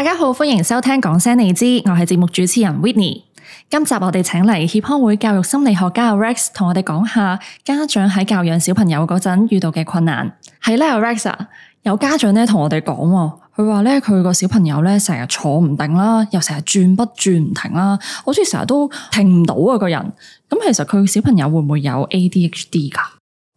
大家好，歡迎收聽講聲你知，我係節目主持人維尼。今集我哋請嚟協康會教育心理學家 Rex 同我哋講下家長喺教養小朋友嗰陣遇到嘅困難。係咧，嗯，啊，Rex 啊，有家長咧同我哋講，佢話咧佢個小朋友咧成日坐唔定啦，又成日轉不轉唔停啦，好似成日都停唔到啊個人。咁其實佢個小朋友會唔會有 ADHD 㗎？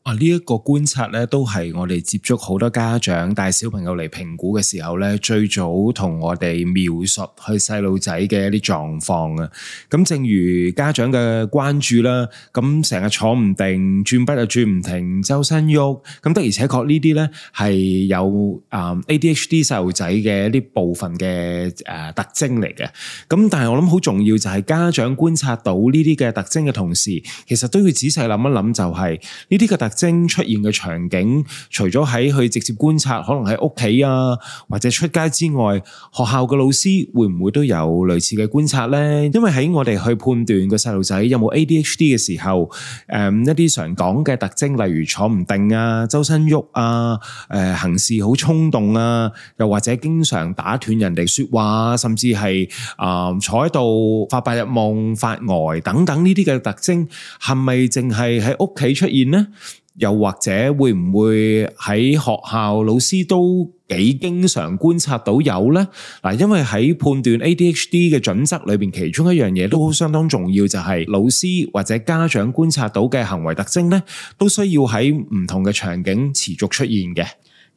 啊！呢一個觀察咧，都係我哋接觸好多家長帶小朋友嚟評估嘅時候咧，最早同我哋描述佢細路仔嘅一啲狀況啊。咁正如家長嘅關注啦，咁成日坐唔定，轉筆又轉唔停，周身喐，咁的而且確呢啲咧係有誒 ADHD 細路仔嘅一啲部分嘅誒特徵嚟嘅。咁但係我諗好重要就係家長觀察到呢啲嘅特徵嘅同時，其實都要仔細諗一諗，就係呢啲嘅特徵出現嘅場景，除咗喺佢直接觀察，可能喺屋企啊，或者出街之外，學校嘅老師會唔會都有類似嘅觀察呢？因為喺我哋去判斷個細路仔有冇 ADHD 嘅時候，誒，一啲常講嘅特徵，例如坐唔定啊、周身喐啊、誒行事好衝動啊，又或者經常打斷人哋說話，甚至係啊坐喺度發白日夢、發呆等等呢啲嘅特徵，係咪淨係喺屋企出現呢？又或者會唔會喺學校老師都幾經常觀察到有呢？嗱，因為喺判斷 ADHD 嘅準則裏邊，其中一樣嘢都相當重要，就係老師或者家長觀察到嘅行為特徵呢，都需要喺唔同嘅場景持續出現嘅。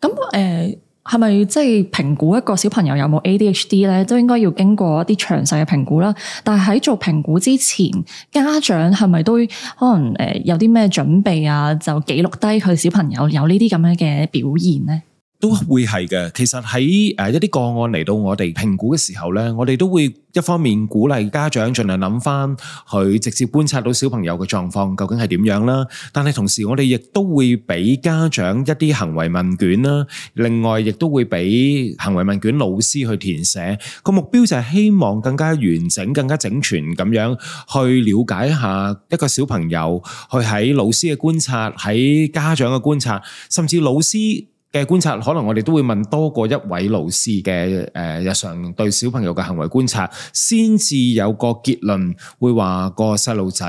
咁誒。呃係咪即係評估一個小朋友有冇 ADHD 咧，都應該要經過一啲詳細嘅評估啦。但係喺做評估之前，家長係咪都可能誒有啲咩準備啊？就記錄低佢小朋友有呢啲咁樣嘅表現呢？都會係嘅，其實，喺一啲個案嚟到我哋評估嘅時候呢，我哋都會一方面鼓勵家長盡量諗返去直接觀察到小朋友嘅狀況究竟係點樣啦，但係同時我哋亦都會畀家長一啲行為問卷啦，另外亦都會畀行為問卷老師去填寫，個目標就係希望更加完整，更加整全，噉樣去了解一下一個小朋友，去喺老師嘅觀察，喺家長嘅觀察，甚至老師嘅觀察，可能我哋都會問多過一位老師嘅誒、呃、日常對小朋友嘅行為觀察，先至有個結論，會話個細路仔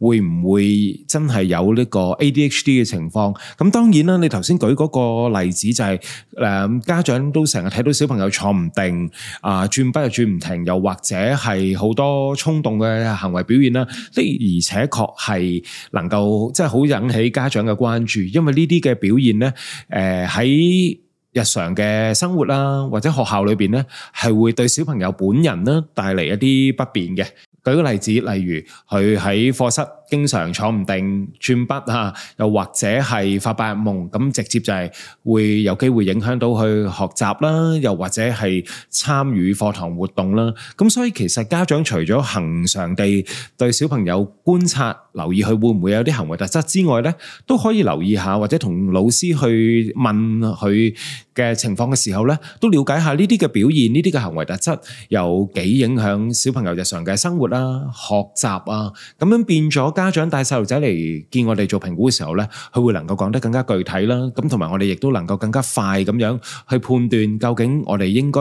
會唔會真係有呢個 ADHD 嘅情況？咁、嗯、當然啦，你頭先舉嗰個例子就係、是、誒、呃、家長都成日睇到小朋友坐唔定啊，轉、呃、筆又轉唔停，又或者係好多衝動嘅行為表現啦。的而且確係能夠即係好引起家長嘅關注，因為呢啲嘅表現咧，誒、呃喺日常嘅生活啦，或者學校裏邊咧，係會對小朋友本人咧帶嚟一啲不便嘅。舉個例子，例如佢喺課室，經常坐唔定、轉筆吓，又或者係發白日夢，咁直接就係會有機會影響到佢學習啦，又或者係參與課堂活動啦。咁所以其實家長除咗恆常地對小朋友觀察、留意佢會唔會有啲行為特質之外咧，都可以留意下，或者同老師去問佢嘅情況嘅時候咧，都了解下呢啲嘅表現、呢啲嘅行為特質有幾影響小朋友日常嘅生活啦、學習啊，咁樣變咗。家長帶細路仔嚟見我哋做評估嘅時候咧，佢會能夠講得更加具體啦。咁同埋我哋亦都能夠更加快咁樣去判斷究竟我哋應該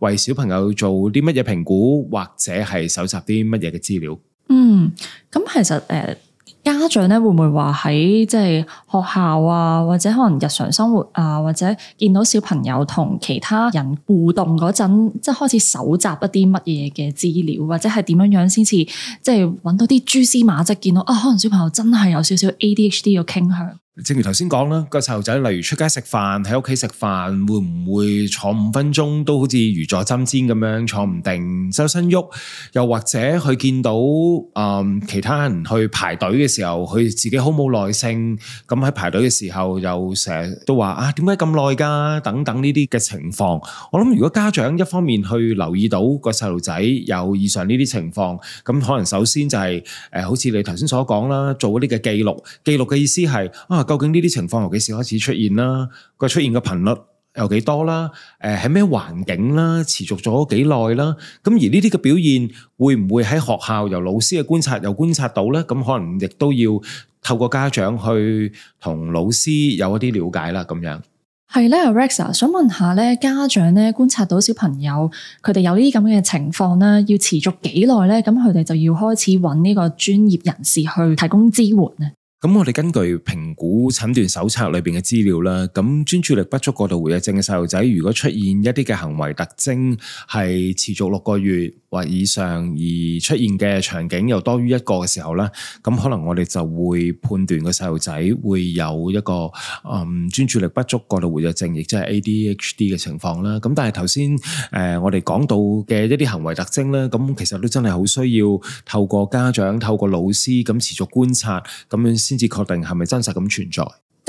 為小朋友做啲乜嘢評估，或者係搜集啲乜嘢嘅資料。嗯，咁其實誒。家長咧會唔會話喺即係學校啊，或者可能日常生活啊，或者見到小朋友同其他人互動嗰陣，即係開始搜集一啲乜嘢嘅資料，或者係點樣樣先至即係揾到啲蛛絲馬跡，見到啊，可能小朋友真係有少少 ADHD 嘅傾向。正如頭先講啦，個細路仔例如出街食飯、喺屋企食飯，會唔會坐五分鐘都好似如坐針氈咁樣坐唔定，周身喐？又或者佢見到誒、呃、其他人去排隊嘅時候，佢自己好冇耐性，咁喺排隊嘅時候又成日都話啊，點解咁耐㗎？等等呢啲嘅情況，我諗如果家長一方面去留意到個細路仔有以上呢啲情況，咁可能首先就係、是、誒、呃，好似你頭先所講啦，做呢啲嘅記錄，記錄嘅意思係啊。究竟呢啲情況由幾時開始出現啦？佢出現嘅頻率有幾多啦？誒、呃，喺咩環境啦？持續咗幾耐啦？咁而呢啲嘅表現會唔會喺學校由老師嘅觀察又觀察到呢？咁可能亦都要透過家長去同老師有一啲了解啦。咁樣係咧，阿 Rex 想問下咧，家長咧觀察到小朋友佢哋有呢啲咁嘅情況咧，要持續幾耐呢？咁佢哋就要開始揾呢個專業人士去提供支援咧。咁我哋根據評估診斷手冊裏邊嘅資料啦，咁專注力不足過度活躍症嘅細路仔，如果出現一啲嘅行為特徵係持續六個月或以上，而出現嘅場景又多於一個嘅時候咧，咁可能我哋就會判斷個細路仔會有一個嗯專注力不足過度活躍症，亦即係 ADHD 嘅情況啦。咁但係頭先誒我哋講到嘅一啲行為特徵咧，咁其實都真係好需要透過家長透過老師咁持續觀察咁樣。先至確定係咪真實咁存在？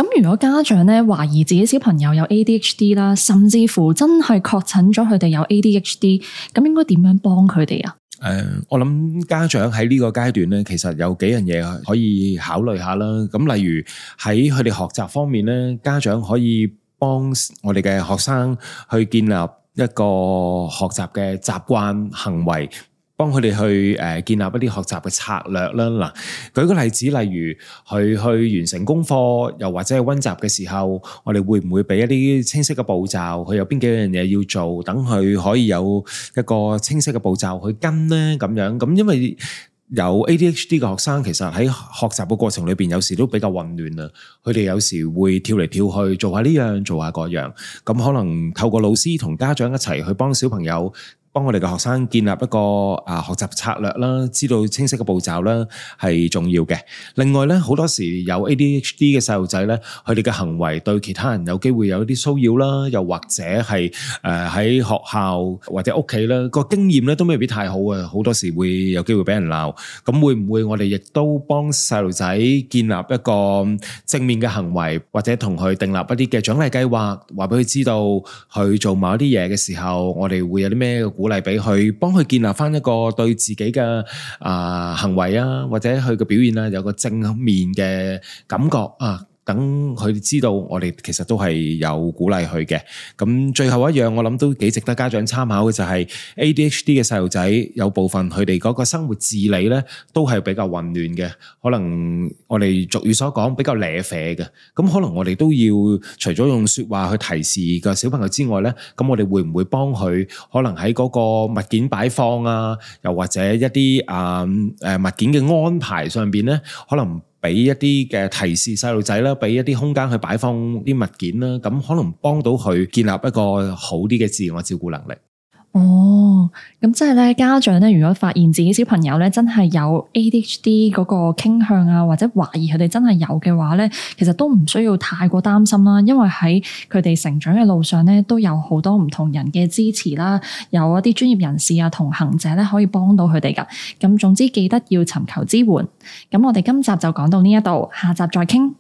咁如果家長咧，懷疑自己小朋友有 ADHD 啦，甚至乎真係確診咗佢哋有 ADHD，咁應該點樣幫佢哋啊？誒、呃，我諗家長喺呢個階段咧，其實有幾樣嘢可以考慮下啦。咁例如喺佢哋學習方面咧，家長可以幫我哋嘅學生去建立一個學習嘅習慣行為。.幫佢哋去誒建立一啲學習嘅策略啦。嗱，舉個例子，例如佢去完成功課，又或者係温習嘅時候，我哋會唔會俾一啲清晰嘅步驟？佢有邊幾樣嘢要做，等佢可以有一個清晰嘅步驟去跟呢，咁樣。咁因為有 ADHD 嘅學生，其實喺學習嘅過程裏邊，有時都比較混亂啊。佢哋有時會跳嚟跳去，做下呢樣，做下嗰樣。咁可能透過老師同家長一齊去幫小朋友。幫我哋嘅學生建立一個啊學習策略啦，知道清晰嘅步驟啦，係重要嘅。另外咧，好多時有 ADHD 嘅細路仔咧，佢哋嘅行為對其他人有機會有一啲騷擾啦，又或者係誒喺學校或者屋企啦，個經驗咧都未必太好啊。好多時會有機會俾人鬧，咁會唔會我哋亦都幫細路仔建立一個正面嘅行為，或者同佢訂立一啲嘅獎勵計劃，話俾佢知道去做某一啲嘢嘅時候，我哋會有啲咩？嚟俾佢，幫佢建立翻一個對自己嘅啊、呃、行為啊，或者佢嘅表現啦，有個正面嘅感覺啊。等佢哋知道，我哋其實都係有鼓勵佢嘅。咁最後一樣，我諗都幾值得家長參考嘅就係 ADHD 嘅細路仔，有部分佢哋嗰個生活自理咧，都係比較混亂嘅。可能我哋俗語所講比較瀨嘅。咁可能我哋都要除咗用說話去提示個小朋友之外咧，咁我哋會唔會幫佢？可能喺嗰個物件擺放啊，又或者一啲啊誒物件嘅安排上邊咧，可能？俾一啲嘅提示細路仔啦，俾一啲空間去擺放啲物件啦，咁可能幫到佢建立一個好啲嘅自我照顧能力。哦，咁即係咧，家長咧，如果發現自己小朋友咧真係有 ADHD 嗰個傾向啊，或者懷疑佢哋真係有嘅話咧，其實都唔需要太過擔心啦。因為喺佢哋成長嘅路上咧，都有好多唔同人嘅支持啦，有一啲專業人士啊，同行者咧可以幫到佢哋噶。咁總之記得要尋求支援。咁我哋今集就講到呢一度，下集再傾。